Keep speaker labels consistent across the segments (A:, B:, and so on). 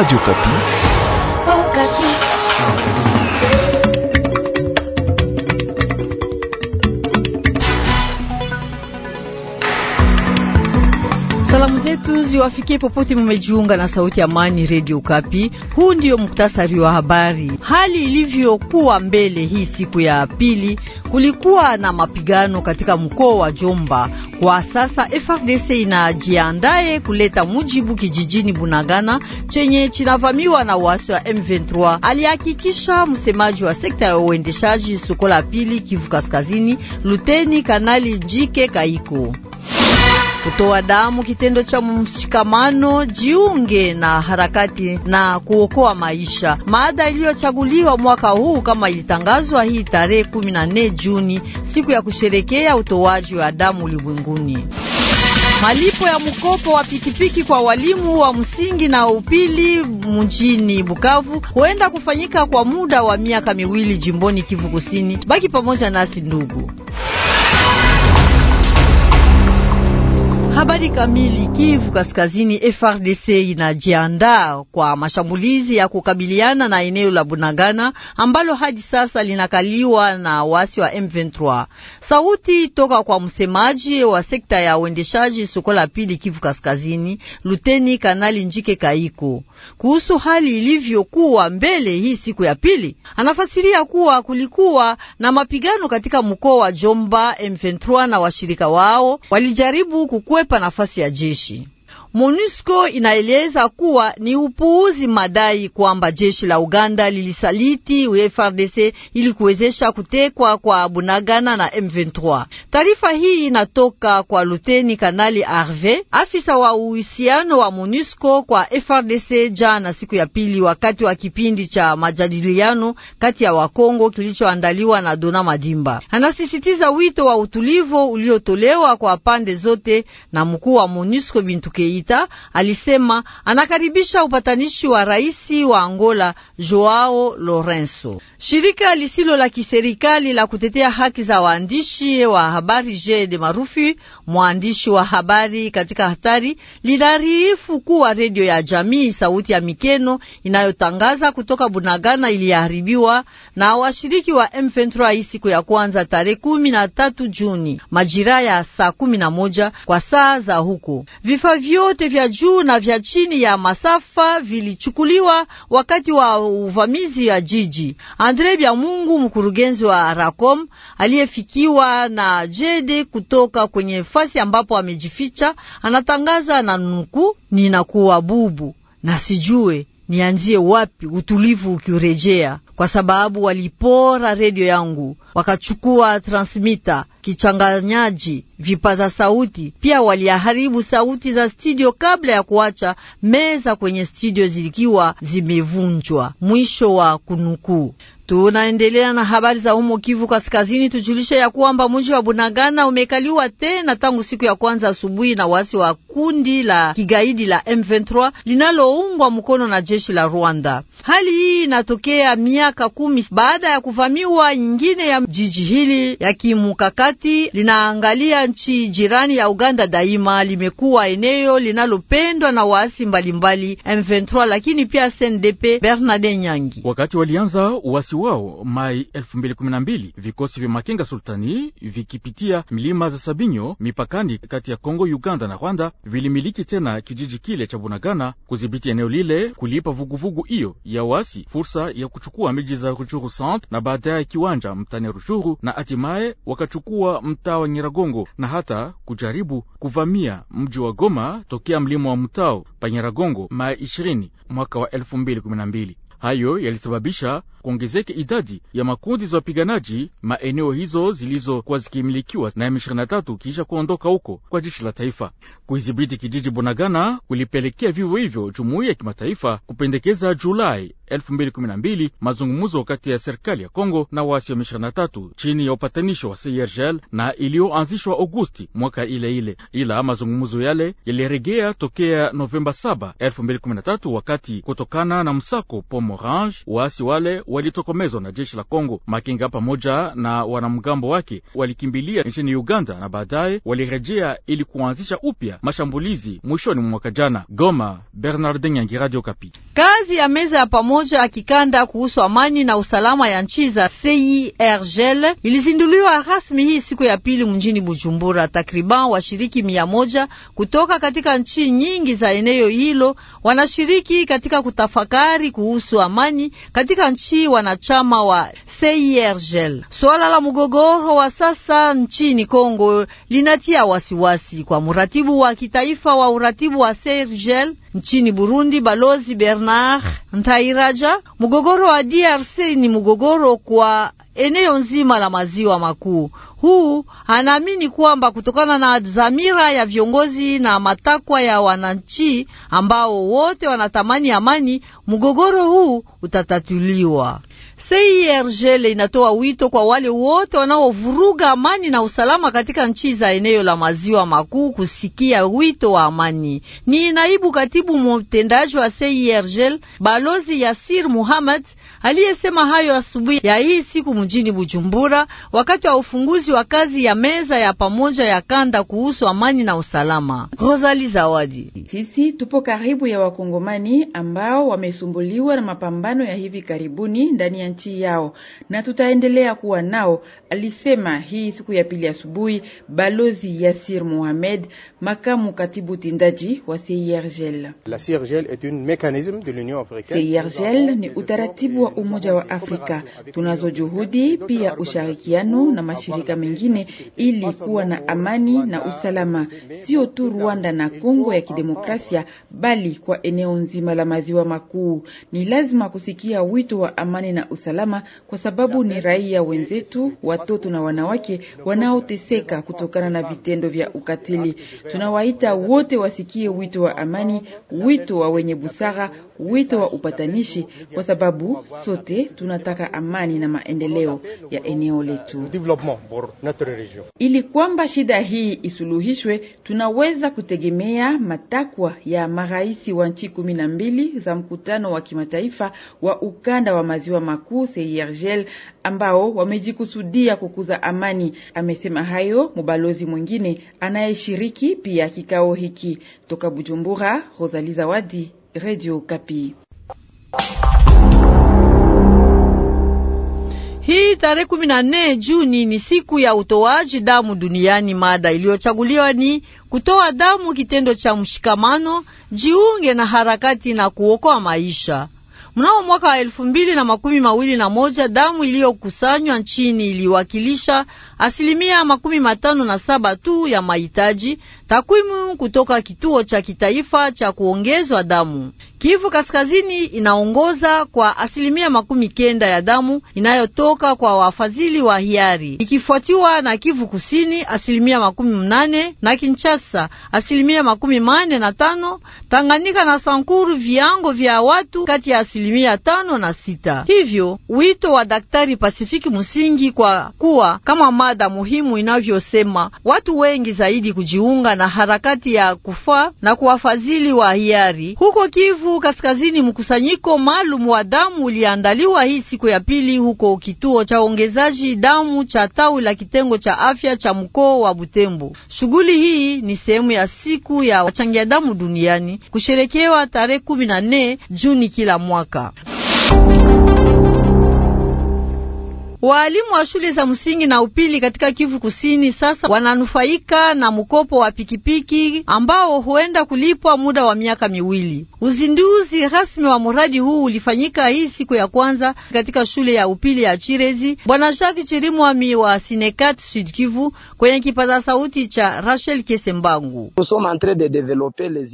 A: Radio Kapi. Oh, Kapi.
B: Salamu zetu ziwafikie popote mumejiunga na sauti ya amani Radio Kapi. Huu ndio muktasari wa habari. Hali ilivyokuwa mbele hii siku ya pili Kulikuwa na mapigano katika mkoa wa Jomba. Kwa sasa FRDC inajiandaye kuleta mujibu kijijini Bunagana chenye chinavamiwa na waasi wa M23, alihakikisha msemaji wa sekta ya uendeshaji Sokola pili Kivu Kaskazini, Luteni Kanali Jike Kaiko kutoa damu, kitendo cha mshikamano, jiunge na harakati na kuokoa maisha, maada iliyochaguliwa mwaka huu kama ilitangazwa hii tarehe 14 Juni, siku ya kusherekea utoaji wa damu ulimwenguni. Malipo ya mkopo wa pikipiki kwa walimu wa msingi na upili mjini Bukavu huenda kufanyika kwa muda wa miaka miwili jimboni Kivu Kusini. Baki pamoja nasi ndugu. Habari kamili. Kivu Kaskazini, FRDC inajiandaa kwa mashambulizi ya kukabiliana na eneo la Bunagana ambalo hadi sasa linakaliwa na wasi wa M23. Sauti toka kwa msemaji wa sekta ya uendeshaji soko la pili Kivu Kaskazini, Luteni Kanali Njike Kaiko, kuhusu hali ilivyokuwa mbele hii siku ya pili, anafasiria kuwa kulikuwa na mapigano katika mkoa wa Jomba. M23 na washirika wao walijaribu kukwepa kuipa nafasi ya jeshi. MONUSCO inaeleza kuwa ni upuuzi madai kwamba jeshi la Uganda lilisaliti ufrdc ili kuwezesha kutekwa kwa Bunagana na M23. Taarifa hii inatoka kwa Luteni Kanali arv afisa wa uhusiano wa MONUSCO kwa FRDC, jana siku ya pili, wakati wa kipindi cha majadiliano kati ya Wakongo kilichoandaliwa na Dona Madimba. Anasisitiza wito wa utulivu uliotolewa kwa pande zote na mkuu wa MONUSCO Bintu Keita Keita alisema anakaribisha upatanishi wa rais wa Angola Joao Lorenzo. Shirika lisilo la kiserikali la kutetea haki za waandishi wa habari Jede Marufi, mwandishi wa habari katika hatari, linariifu kuwa redio ya jamii sauti ya Mikeno inayotangaza kutoka Bunagana iliharibiwa na washiriki wa M23 siku ya kwanza tarehe tatu Juni majira ya saa moja kwa saa za huko vifavyo vyote vya juu na vya chini ya masafa vilichukuliwa wakati wa uvamizi ya jiji. Andre Byamungu, mkurugenzi wa Racom, aliyefikiwa na jede kutoka kwenye fasi ambapo amejificha, anatangaza na nuku, ninakuwa bubu na sijue nianzie wapi utulivu ukirejea, kwa sababu walipora redio yangu wakachukua transmitter kichanganyaji, vipaza sauti. Pia waliharibu sauti za studio kabla ya kuacha meza kwenye studio zilikiwa zimevunjwa. Mwisho wa kunukuu. Tunaendelea na habari za humo Kivu Kaskazini. Tujulishe ya kwamba mji wa Bunagana umekaliwa tena tangu siku ya kwanza asubuhi na wasi wa kundi la kigaidi la M23 linaloungwa mkono na jeshi la Rwanda. Hali hii inatokea miaka kumi baada ya kuvamiwa nyingine ya jiji hili ya kimukakati kati linaangalia nchi jirani ya Uganda daima limekuwa eneo linalopendwa na waasi mbalimbali M23, lakini pia SNDP. Bernard Nyangi,
A: wakati walianza uasi wao Mai 2012 vikosi vya Makenga Sultani vikipitia milima za Sabinyo mipakani kati ya Kongo, Uganda na Rwanda vilimiliki tena kijiji kile cha Bunagana, kudhibiti eneo lile, kulipa vuguvugu hiyo ya waasi fursa ya kuchukua miji za Ruchuru Centre na baadaye kiwanja mtani Ruchuru na hatimaye wakachukua kuchukua mtaa wa Nyiragongo na hata kujaribu kuvamia mji wa Goma tokea mlima wa mtao pa Nyiragongo Mei ishirini mwaka wa elfu Hayo yalisababisha kuongezeka idadi ya makundi za wapiganaji maeneo hizo zilizokuwa zikimilikiwa na M23 kisha kuondoka huko kwa jeshi la taifa. Kuidhibiti kijiji Bunagana kulipelekea vivyo hivyo jumuiya ya kimataifa kupendekeza Julai 2012 mazungumzo kati ya serikali ya Kongo na waasi wa M23 chini ya upatanisho wa CIRGL na iliyoanzishwa Agosti mwaka ile ile, ila mazungumzo yale yaliregea tokea Novemba 7, 2013 wakati kutokana na msako Pomorange waasi wale wa walitokomezwa na jeshi la Kongo. makinga pamoja na wanamgambo wake walikimbilia nchini Uganda na baadaye walirejea ili kuanzisha upya mashambulizi mwishoni mwa mwaka jana. Goma, Bernardin Nyangi, Radio Kapi.
B: Kazi ya meza ya pamoja akikanda kuhusu amani na usalama ya nchi za CIRGL ilizinduliwa rasmi hii siku ya pili mjini Bujumbura. Takriban washiriki mia moja kutoka katika nchi nyingi za eneo hilo wanashiriki katika kutafakari kuhusu amani katika nchi si wanachama wa CIRGL. Swala la mgogoro wa sasa nchini Kongo linatia wasiwasi wasi kwa muratibu wa kitaifa wa uratibu wa CIRGL nchini Burundi, Balozi Bernard Ntairaja. Mgogoro wa DRC ni mgogoro kwa eneo nzima la maziwa makuu. Huu anaamini kwamba kutokana na dhamira ya viongozi na matakwa ya wananchi ambao wote wanatamani amani, mgogoro huu utatatuliwa. CIRGL inatoa wito kwa wale wote wanaovuruga amani na usalama katika nchi za eneo la maziwa makuu kusikia wito wa amani. Ni naibu katibu mtendaji wa CIRGL Balozi Yasir Muhammad aliyesema hayo asubuhi ya hii siku mjini Bujumbura wakati wa ufunguzi wa kazi ya meza ya pamoja ya kanda kuhusu amani na usalama. Rosali Zawadi: sisi tupo karibu ya wakongomani
C: ambao wamesumbuliwa na mapambano ya hivi karibuni ndani ya nchi yao na tutaendelea kuwa nao, alisema hii siku ya pili asubuhi Balozi Yasir Mohamed, makamu katibu tendaji wa CIRGL.
A: CIRGL
C: ni utaratibu wa Umoja wa Afrika. Tunazo juhudi pia ushirikiano na mashirika mengine ili kuwa na amani na usalama, sio tu Rwanda na Kongo ya Kidemokrasia, bali kwa eneo nzima la maziwa makuu. Ni lazima kusikia wito wa amani na usalama, kwa sababu ni raia wenzetu, watoto na wanawake wanaoteseka kutokana na vitendo vya ukatili. Tunawaita wote wasikie wito wa amani, wito wa wenye busara, wito wa upatanishi, kwa sababu sote tunataka amani na maendeleo ya eneo letu. Ili kwamba shida hii isuluhishwe, tunaweza kutegemea matakwa ya marais wa nchi kumi na mbili za mkutano wa kimataifa wa ukanda wa maziwa makuu Makuu Seiergel ambao wamejikusudia kukuza amani. Amesema hayo mubalozi mwingine anayeshiriki pia kikao hiki toka Bujumbura. rosali Zawadi, Radio
B: Kapi. Hii tarehe kumi na nne Juni ni siku ya utoaji damu duniani. Mada iliyochaguliwa ni kutoa damu, kitendo cha mshikamano, jiunge na harakati na kuokoa maisha. Mnamo mwaka wa elfu mbili na makumi mawili na moja damu iliyokusanywa nchini iliwakilisha asilimia makumi matano na saba tu ya mahitaji Takwimu kutoka kituo cha kitaifa cha kuongezwa damu Kivu Kaskazini inaongoza kwa asilimia makumi kenda ya damu inayotoka kwa wafadhili wa hiari, ikifuatiwa na Kivu Kusini asilimia makumi mnane na Kinshasa asilimia makumi mane na tano Tanganyika na Sankuru viango vya watu kati ya asilimia tano na sita. Hivyo wito wa Daktari Pasifiki Musingi kwa kuwa kama mada muhimu inavyosema watu wengi zaidi kujiunga na harakati ya kufa na kuwafadhili wa hiari huko Kivu Kaskazini. Mkusanyiko maalum wa damu uliandaliwa hii siku ya pili huko kituo cha ongezaji damu cha tawi la kitengo cha afya cha mkoa wa Butembo. Shughuli hii ni sehemu ya siku ya wachangia damu duniani kusherekewa tarehe 14 Juni kila mwaka. Waalimu wa shule za msingi na upili katika Kivu Kusini sasa wananufaika na mkopo wa pikipiki ambao huenda kulipwa muda wa miaka miwili. Uzinduzi rasmi wa mradi huu ulifanyika hii siku ya kwanza katika shule ya upili ya Chirezi. Bwana Jacques Chirimwami wa Sinekat Sud Kivu kwenye kipaza sauti cha Rachel Kesembangu.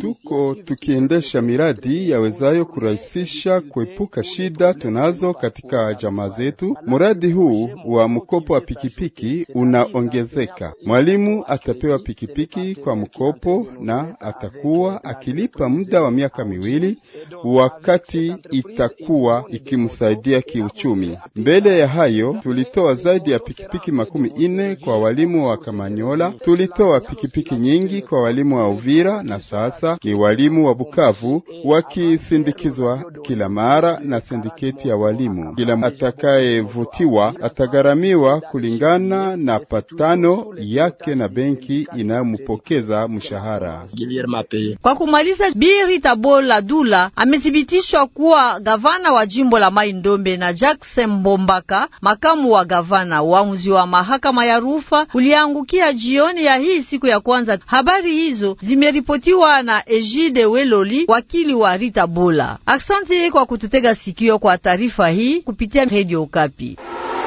A: Tuko tukiendesha miradi yawezayo kurahisisha kuepuka shida tunazo katika jamaa zetu. Mradi huu wa mkopo wa pikipiki unaongezeka. Mwalimu atapewa pikipiki kwa mkopo na atakuwa akilipa muda wa miaka miwili, wakati itakuwa ikimsaidia kiuchumi. Mbele ya hayo, tulitoa zaidi ya pikipiki makumi ine kwa walimu wa Kamanyola, tulitoa pikipiki nyingi kwa walimu wa Uvira na sasa ni walimu wa Bukavu wakisindikizwa kila mara na sindiketi ya walimu. Kila atakayevutiwa atagharamiwa kulingana na patano yake na benki inayompokeza mshahara.
B: Kwa kumaliza, Biri Tabola Dula amethibitishwa kuwa gavana wa jimbo la Mai Ndombe na Jackson Mbombaka makamu wa gavana. Uamuzi wa mahakama ya rufa uliangukia jioni ya hii siku ya kwanza. Habari hizo zimeripotiwa na Ejide Weloli, wakili wa Rita Bola. Asante kwa kututega sikio kwa taarifa hii kupitia Radio Okapi.